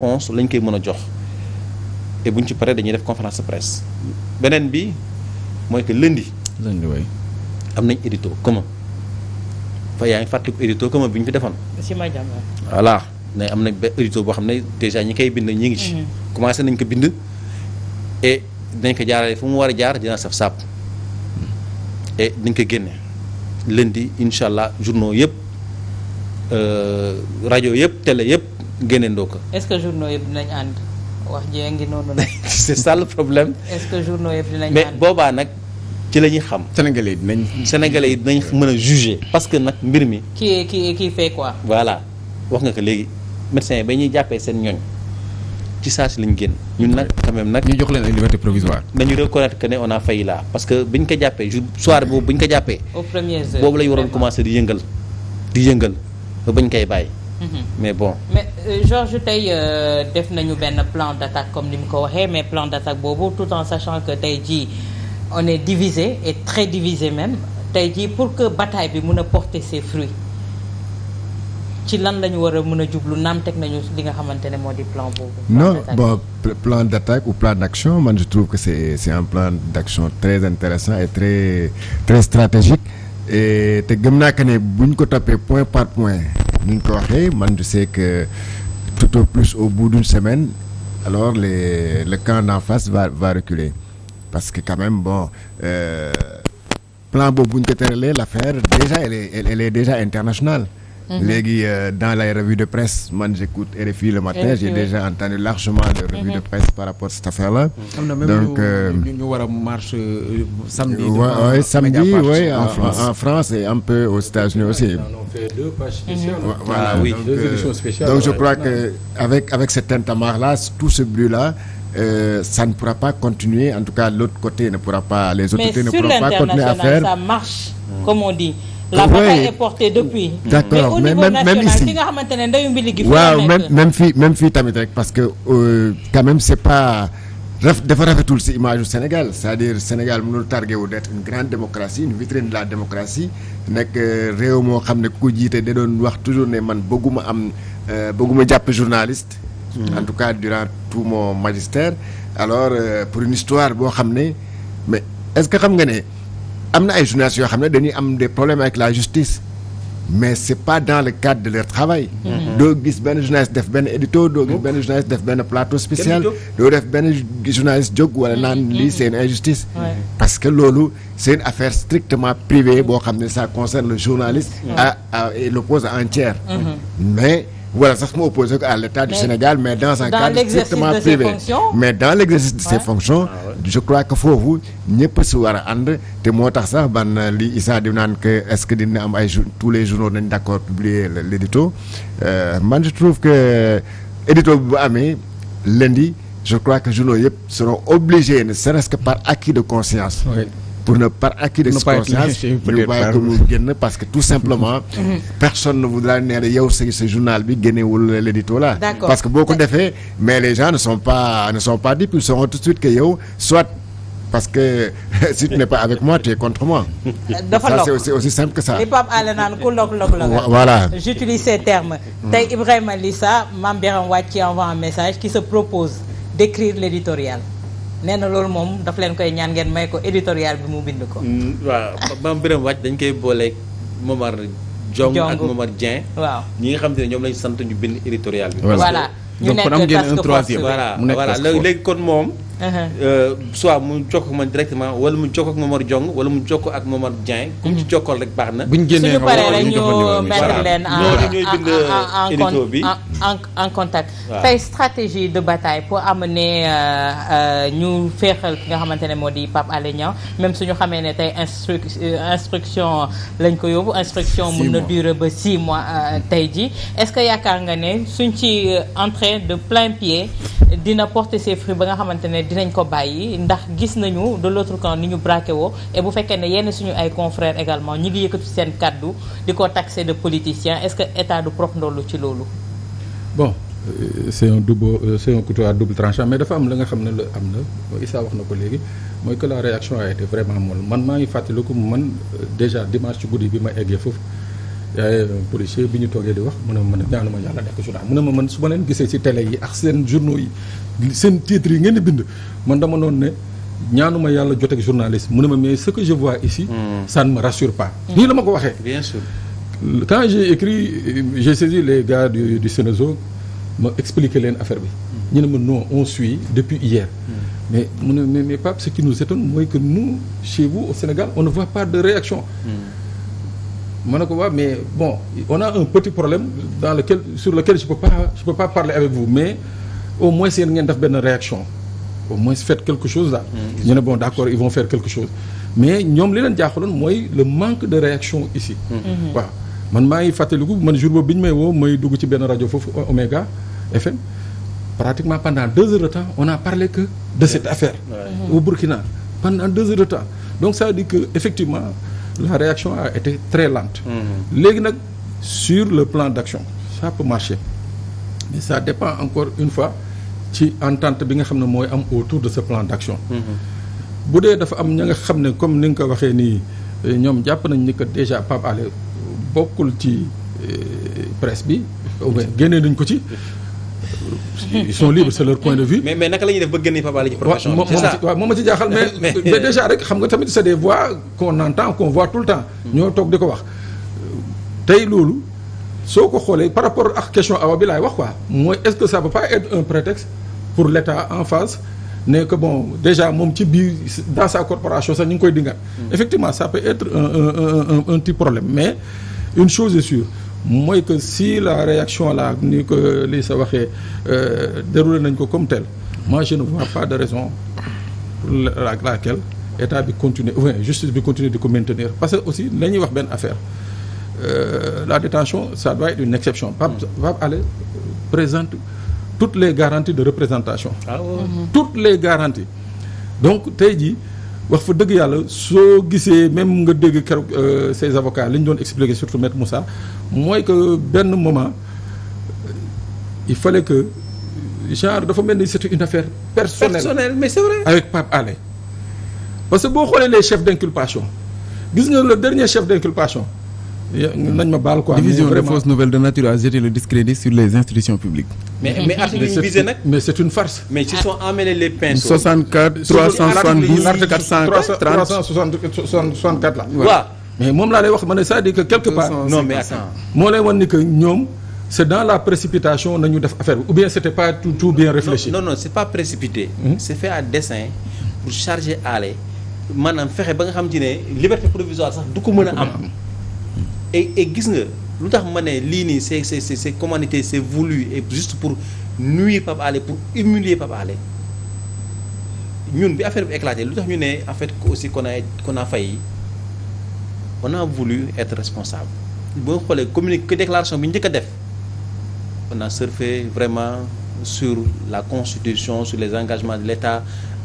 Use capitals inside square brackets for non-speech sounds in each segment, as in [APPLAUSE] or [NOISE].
réponse lañ koy mën a jox te buñ ci paree dañuy def conférence de beneen bi mooy que lundi. lundi waay am nañ édito comme fa yaa ngi fàttaliku édito commun bi ñu fi defoon. voilà mais am na ba édito boo xam ne déjà ñi koy bind ñi ngi ci. Mhm. commencé nañ ko bind dañ ko jaarale fu mu war a jaar dina saf sàpp dañ dinañ ko génne lundi incha allah journaux yëpp euh, rajo yëpp télé yëpp. génneendoo ko. est-ce que journaux yëpp wax jee ngi noonu la. [LAUGHS] c'est ça le problème. mais boobaa nag ci la ñuy xam. sénégalais yi dinañ. sénégalais yi dinañ mën a juger. parce que nag mbir mi. qui qui qui fait quoi. voilà wax nga ko léegi médecins yi ba ñuy jàppee seen ñoñ ci saa si lañ génn. ñun nag quand même nag. ñu jox leen ay liberté provisoire. nañu reconnaître que ne on a failli là parce que biñ ko jàppee jour soir boobu biñ ko jàppee. au premier jour boobu lañu waroon commencer di yëngal di yëngal ba bañ koy bàyyi. Mhm. mais bon. mais euh, Georges tey euh, def nañu benn plan d'attaque comme ni mu ko waxee mais plan d'attaque boobu tout en sachant que tey jii on est divisé et très divisé même tey jii pour que bataille bi mun a porter ses fruits ci lan lañu ñu war a mën a jublu naam teg nañu li nga xamante ne moo di plan boobu. non bon plan d'attaque ou plan d'action man je trouve que c'est c'est un plan d'action très intéressant et très très stratégique et te gëm naa que ne buñ ko toppee point par point. ni nga ko waxee man je sais que tout au plus au bout d'une semaine alors les le camp d'en face va va reculer parce que quand même bon euh, plan boobu bu ñu ko tëralee l'affaire déjà elle est elle, elle est déjà internationale. Mhm. léegi euh, dans la revue de presse man j'écoute RFI le matin j'ai déjà entendu largement de revue de mhm. presse par rapport à cette affaire là. donc euh, ñu war marche euh, samedi. en France et un peu mhm. ah je crois que avec avec cette là tout ce bruit là. Euh, ça ne pourra pas continuer en tout cas l'autre côté ne pourra pas les autorités ne pourront pas continuer à faire mais sur l'international ça marche mmh. comme on dit la bataille depuis. d'accord mais au niveau waaw même même fii même fii tamit rek parce que euh, quand même c'est pas. raf dafa rafetul ci image du Sénégal c'est-à-dire Sénégal mënul targué wu d'être une grande démocratie une vitrine de la démocratie nekk euh, réew moo xam ne ku ko jiite de doon wax toujours ne man bëgguma am euh, bëgguma jàpp journaliste. Mm. en tout cas durant tout mon magistère. alors pour une histoire boo xam ne mais est-ce que xam nga ne. am na ay journalistes yoo xam ne dañuy am des problèmes avec la justice mais c' est pas dans le cadre de leur travail. Mm-hmm. doo gis benn journaliste def benn édito doo gis benn journaliste def benn plateau spécial. doo def benn journaliste jog wala mm-hmm. naan lii c' est une mm-hmm. injustice. parce que loolu c' est une affaire strictement privée boo xam ne ça concerne le journaliste. à à et le pose entière. mais wala sax mu opposé ko à l'État du Sénégal mais dans un cadre strictement privé mais dans l'exercice de ses fonctions ah je crois que foofu ñëpp si war a ànd te moo tax sax ban euh, li Issa di naan que est-ce que dina am ay tous les journaux nañ d'accord publier l'édito euh, man je trouve que édito bu amee lundi je crois que journaux yëpp seront obligés ne serait-ce que par acquis de conscience pour ne par acquis de conscience ñu bàyyi ko mu génn parce que tout simplement mhm. Mhm. personne ne voudra ne yow sa sa journal bi génnewul l'édito là parce que boo ko defee mais les gens ne sont pas ne sont pas tout de suite que yow soit parce que [LAUGHS] si tu pas avec moi tu contre moi. [LAUGHS] dafa lok ça c'est aussi simple que voilà j'utilise ces termes. tey Ibrahima Lissa Mame Birame Wathie qui envoie un message qui se propose d'écrire l'éditorial nee na loolu moom daf leen koy ñaan ngeen may ko éditorial bi mu bind ko. Mm, waaw Mame Birame Wathie dañ koy booleeg Momar Jong ak Momar Dieng. waaw ñi nga xam ne ñoom lañ sant ñu bind éditorial bi. voilà ñu nekk task force voilà voilà léegi kon moom. Uh-huh. Euh, soit mu jokkoo ma directement wala mu jokkoo ak Momar Diong wala mu jokkoo ak Momar Dieng. ku mu ci uh-huh. jokkool rek baax na. bu ñu génnee ñooy bind édito bi en contact tey stratégie de bataille pour amener euh, euh, ñu féexal ki nga xamante ne moo di Pape Alé Niang même suñu xamee ne tey instru instruction lañ ko yóbbu instruction mun na dure ba six mois tey ji est-ce que yaakaar nga ne suñ ci entrée de plein pied dina porter ses fruits ba nga xamante dinañ ko bàyyi ndax gis nañu de l'autre camp ni ñu braqué woo et bu fekkee ne yenn suñu ay confrères également ñi ngi yëkkati seen kàddu di ko taxé de politicien est-ce que état du prof ndollu ci loolu bon euh, c'est un double euh, c'est un couteau à double tranchant mais dafa am la nga xam ne la am na Issa wax na ko léegi mooy que la réaction a été vraiment molle man maa ngi fàttaliku man euh, déjà dimanche ci guddi bi ma eggee foofu yaay euh, policier bi ñu toogee di wax mu ne ma ñaanu ma yàlla nekk journal mu ne ma man su ma leen gisee ci télé yi ak seen journaux yi seen titres yi ngeen di bind man dama noon ne ñaanuma yàlla joteeg journaliste mu ne ma mais ce que je vois ici hmm. ça ne me rassure pas hmm. nii la ma ko waxee bien sûr quand j'ai écrit j'ai saisi les gars du, du ma expliqué leen affaire bi hmm. ñu ne ma non on suit depuis hier mais mu ne mais Pape ce qui nous étonne mooy que nous chez vous au Sénégal on ne voit pas ma ne ko waaw mais bon on a un petit problème dans lequel sur lequel je peux pas je peux pas parler avec vous mais au moins seen ngeen def benn réaction au moins faites quelque chose là. Mmh, ñu ne bon d'accord ils vont faire quelque chose mais ñoom li leen jaaxaloon mooy le manque de réaction ici. Mmh. Mmh. waaw man maa ngi fàttaliku man jour boobu bi ñu may woo may dugg ci benn rajo foofu Omega FM pratiquement pendant deux heures de temps on a parlé que de cette affaire. au Burkina pendant deux la réaction a été très lente. Mm-hmm. léegi nag sur le plan d'action ça peut marché mais ça dépend encore une fois ci entente bi nga xam ne mooy am autour de ce plan d'action. Mm-hmm. bu dee dafa am ña nga xam ne comme ni nga ko waxee nii ñoom jàpp nañ ni que déjà Pape bokkul ci euh, presse bi. ou bien génnee nañ ko ci. ils sont libres c'est leur point de vue. mais mais naka la ñuy def ba génne Fapal ci profession bi. c'est ça waaw moom ma ci jaaxal [LAUGHS] mais mais déjà rek xam nga tamit c'est des voix qu'on entend qu'on voit tout le temps. ñoo toog di ko wax tey loolu. soo ko xoolee par rapport ak question awa bi laay wax quoi mooy est-ce que ça peut pas être un prétexte pour l'État en face ne que bon déjà moom ci biir dans sa corporation sax ñu ngi koy dingat mm. effectivement ça peut être un un un un problème mais une chose est mooy que si la réaction là ni ko lii sa waxee euh, déroulé nañ ko comme tel moi je ne vois pas de raison pour laquelle état bi continuer ou bien justice bi continuer di ko maintenir parce que aussi nañuy wax benn affaire Euh, la détention ça doit être une exception Pape mm. Pape Alé présente toutes les garanties de représentation ah toutes les garanties donc tey jii wax fa dëgg yàlla soo gisee même nga dégg keroog ses euh, avocats li ñu doon expliquer surtout maître Moussa mooy que benn moment il fallait que genre dafa mel ni c'était une affaire personnelle. mais c'est vrai. avec Pape Alé parce que boo xoolee les chefs d'inculpation gis nga le dernier chef d'inculpation nañ ma baal quoi. division de fausses nouvelles de nature à jeter le discrédit sur les institutions publiques. mais mais article yi ñu visé nag. mais c' une farce. mais ils sont emmêlés moom laa lay wax ma ne cest à quelque part. moo lay wan ni ñoom. c' dans la précipitation nañu def affaire bi ou bien c' pas tout bien réfléchi. non non c' pas précipité. Hmm? c' fait à dessein pour charger aale maanaam fexe ba nga xam ci ne liberté provisoire sax et et gis nga lu tax ma ne lii nii c'est c'est c'est commandité c'est voulu et juste pour nuire Pape Alé pour humilier Pape Alé ñun bi affaire bi éclaté lu tax ñu ne en fait aussi qu'on a qu'on a failli on a voulu être responsable boo xoolee communiqué déclaration bi njëkk a def on a surfé vraiment sur la constitution sur les engagements de l'État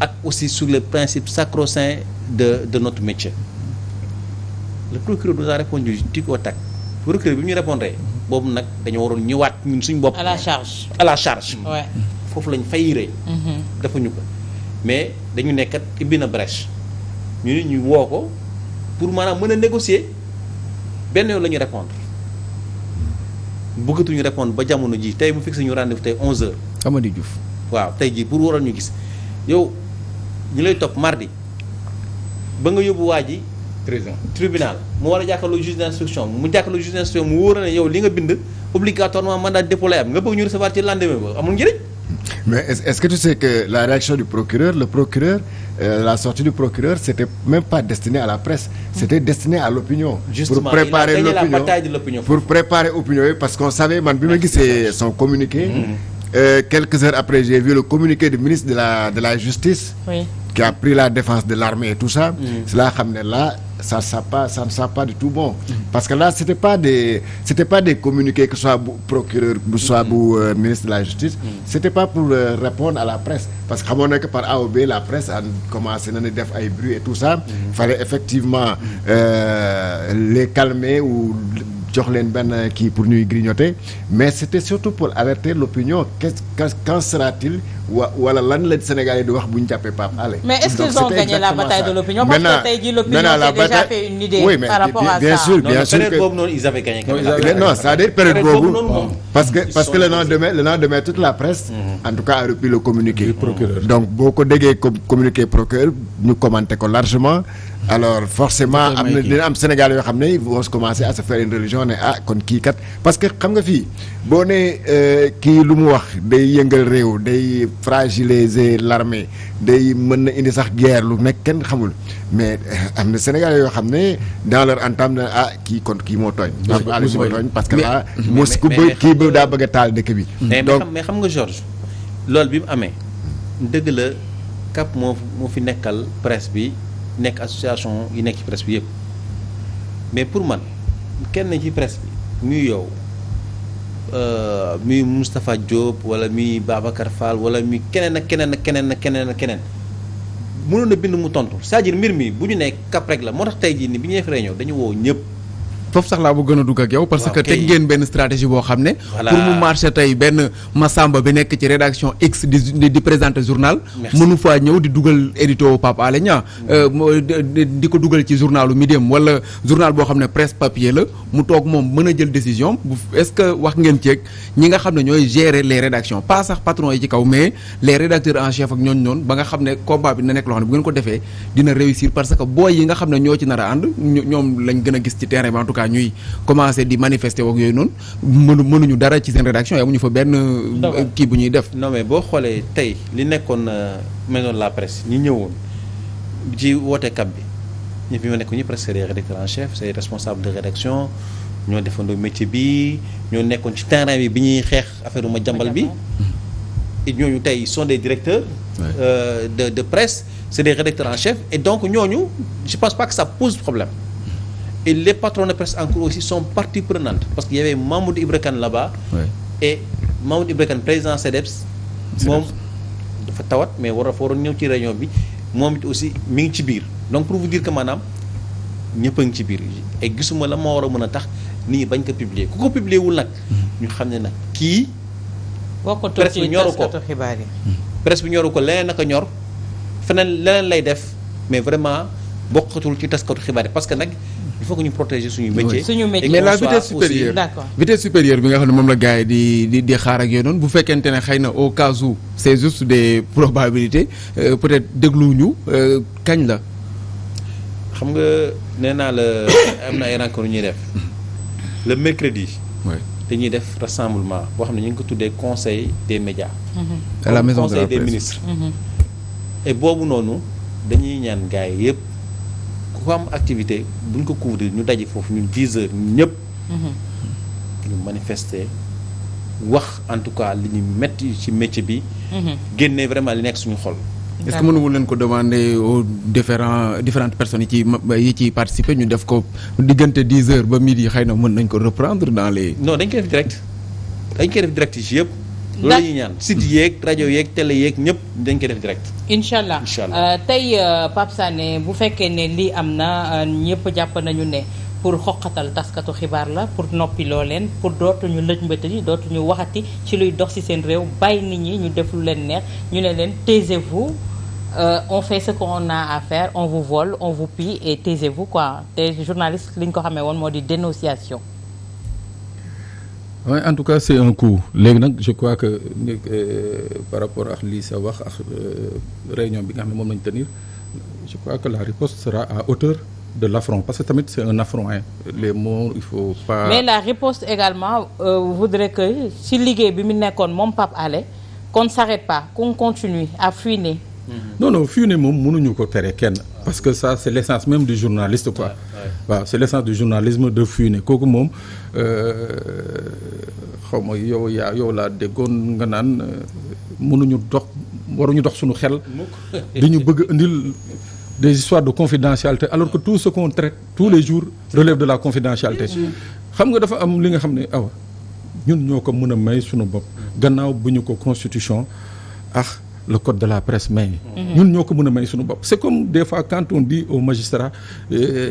ak aussi sur les principes sacro-saints de de notre métier le procureur nous a répondu tic ñu répondre boobu nag dañoo waroon ñëwaat ñun suñu bopp. à la charge à la charge. foofu lañ fayiree. Mhm. defuñu ko mais dañu nekkat ibbi na brèche ñu ñu woo ko pour maanaam mën a négocier benn yoon la ñu répondre bëggatuñu répondre ba jamono ji tey mu fixé ñu rendez-vous tey 11h. Amady Diouf waaw tey jii pour waroon ñu gis yow ñu lay topp mardi ba nga yóbbu waa ji. prison tribunal mu war a jàkkaarloo juge d'instruction mu jàkkaarloo juge d'instruction mu wóor ne yow li nga bind obligatoirement mandat de dépôt nga bëgg ñu recevoir ci lendemain ba amul njëriñ. mais est-ce que tu que la réaction du procureur le procureur euh, la sortie du procureur c'était même pas destiné à la presse c'était destiné à l'opinion pour préparer opinion parce qu'on savait man bi ma gisee son communiqué mm-hmm. euh, quelques heures après j'ai vu le qui a pris la défense de l'armée et tout ça. Mm. cela xam ne la ça ça pas ça ne sera pas du tout bon. Mm. parce que là c'était pas des c'était pas des communiqués que soit bu procureur bu soit mm. bu euh, ministre de la justice. c'était pas pour euh, répondre à la presse parce que xamoon na que par A ou B la presse a commencé nañu def ay bruit et tout ça. fallait effectivement euh, les calmer ou. jox leen benn kii pour ñuy grignoter mais c'était surtout pour alerter l'opinion qu'est-ce qu'en sera-t-il wa wala lan la Sénégal yi di wax bu ñu jàppee Pape Alé mais est-ce que tey par noonu ils avaient boobu parce que parce que le lendemain le lendemain la presse mm-hmm. en tout cas a repris le donc boo ko déggee communiqué procureur ñu commenté ko largement alors forcément am na dina am Sénégal yoo xam ne vont se commencer à se faire une religion ne ah kon kii kat parce que xam nga fii boo nee euh, kii lu mu wax day yëngal réew day fragiliser l'armée day mën na indi sax guerre lu nekk kenn xamul mais euh, am na Sénégal yoo xam ne dans leur entame na ah kii kon kii moo tooñ àll parce que là mos ku ba kii ba daa bëgg taal dëkk bi donc mais xam nga Georges loolu bi mu amee dëgg la cap moo moo fi nekkal presse bi nekk association yi nekk ci presse bi yëpp mais pour man kenn ci presque bi muy yow euh, muy Moustapha Diop wala muy Babacar Fall wala muy keneen ak keneen ak keneen ak keneen ak keneen mënoon na bind mu tontu c'est-à-dire mbir mi bu ñu nekk cap rek la moo tax tey jii ni bi ñuy def réunion dañu woo ñëpp. foofu sax laa bu gën a dugg ak yow parce que teg ngeen benn stratégie boo xam ne pour mu marché tey benn Massamba bi nekk ci rédaction X di di présenter journal mënu faa ñëw di dugal édito papa Alé Niang mm. euh, di ko dugal ci journalu Medium wala journal boo xam ne presse papier la mu toog moom mën a jël décision bu est-ce que wax ngeen ceeg ñi nga xam ne ñooy gérer les rédactions pas sax patron yi ci kaw mais les rédacteurs en chef ak ñooñu noonu ba nga xam ne combat bi dina nekk ko defee dina réussir parce que booy yi nga xam ne ñoo ci nar a ànd ñoom lañ gën a gis ci terrain bi déjà ñuy commencé di manifester ak yooyu noonu mënu mënuñu dara ci seen rédaction ñu fa benn euh, kii bu ñuy def non mais boo xoolee tey li nekkoon euh, maison la presse ñi ñëwoon ci woote kap bi ñi fi ma nekk ñu presque des rédacteurs en chef c'est responsable de rédaction ñoo defandoo métier bi ñoo nekkoon ci terrain bi bi ñuy xeex affaire ma jàmbal bi ñooñu tey sont des directeurs euh, de de presse c'est des rédacteurs en chef et donc ñooñu je pense pas que ça pose Et les patrons de presse en cours aussi sont partie prenante. Parce qu'il y avait Mahmoud Ibrakan là-bas. Oui. Et Mahmoud Ibrakan, président CEDEPS, e moom dafa tawat mais war a fa waroon ñëw ci réunion bi moom it aussi mi ngi ci biir. donc pour vous dire que maanaam ñëpp ngi ci biir et gisuma la moo war a mën a tax nit ñi bañ ko publier ku ko publier wul nag mm-hmm. ñu xam ne nag kii. presse bi ñoru ko mm-hmm. presse bi ñoru ko leneen naka ñor feneen leneen lay def mais vraiment bokkatul ci taskatu xibaar yi parce que nag. il faut que ñu protéger suñu métier. suñu métier mais la vitesse supérieure vitesse supérieure bi nga xam ne moom la gars di di di xaar ak bu fekkente ne xëy na au cas où c' est juste des probabilités euh, peut-être déglu ñu euh, kañ la. xam nga nee naa la am na ay rencontre ñuy def le mercredi. dañuy def rassemblement boo xam ñu ngi ko tuddee conseil des médias. Mm-hmm. à la mm-hmm. boobu noonu dañuy ñaan gars yi yëpp. ku am activité buñ ko couvrir ñu daje foofu ñun 10 heures ñun ñëpp. Mhm. ñu manifester wax en tout cas li ñu metti ci métier bi. Mhm. génne vraiment li nekk suñu xol. est-ce que mënuwul leen ko demander aux différents personnes yi ci yi ciy participer ñu def ko diggante 10 heures ba midi xëy na mën nañ ko reprendre dans les. non dañ koy def direct dañ koy def direct ci yëpp. loolu la ñuy ñaan site yeeg rajo yeeg télé yeeg ñëpp dañ koy def direct. incha allah incha allah euh, tey euh, Pape Sané bu fekkee ne lii am na euh, ñëpp jàpp nañu ne pour xoqatal taskatu xibaar la pour noppi loo leen pour dootuñu lëj mbëtëri dootuñu waxati ci luy dox ci seen réew bàyyi nit ñi ñu def lu leen neex ñu ne leen taisez-vous Euh, on fait ce qu'on a à faire on vous vole on vous pille et taisez-vous quoi te journaliste li ñu ko xamee woon moo di dénonciation oui en tout cas c' est un coup léegi nag je crois que euh, par rapport ak lii sa wax ak euh, réunion bi nga xam moom lañu tenir je crois que la riposte sera à hauteur de l'affront parce que tamit c'est un affront hein. les mots il faut pas. mais la riposte également euh, voudrait que si liggéey bi mi mu nekkoon moom Pape Alé qu'on s'arrête pas qu'on continue à fuiner. Mm non non fuiner moom mënuñu ko tere kenn parce que ça c'est l'essence même du journaliste quoi waaw ouais, ouais. c'est l'essence du journalisme kooku moom. xaw ma yow yaa yow laa déggoon nga naan euh, mënuñu dox waruñu dox suñu xel. [LAUGHS] di ñu bëgg indil des histoires de confidentialité alors que tous ce qu'on traite tous les jours relève de la confidentialité. Mm-hmm. xam nga dafa am li nga xam ne awa ñun ñoo ko mën a may suñu bopp. gannaaw bu ñu ko constitution ah. le code de la presse may ñun ñoo ko mën a may suñu bopp c'est comme des fois quand on dit euh,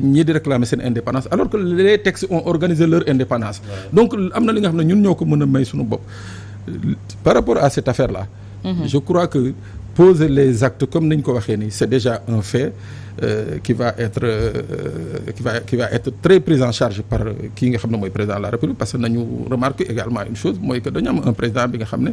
ñii di réclamer seen indépendance alors que les textes ont organisé leur indépendance donc am na li nga xam ne ñun ñoo ko mën a may suñu bopp par rapport à cette affaire là mhm. je crois que poser les actes comme nañ ko waxee nii c'est déjà un fait Euh, qui va être euh, euh, très pris en charge par kii nga xam ne mooy président la République parce que nañu remarqué également am un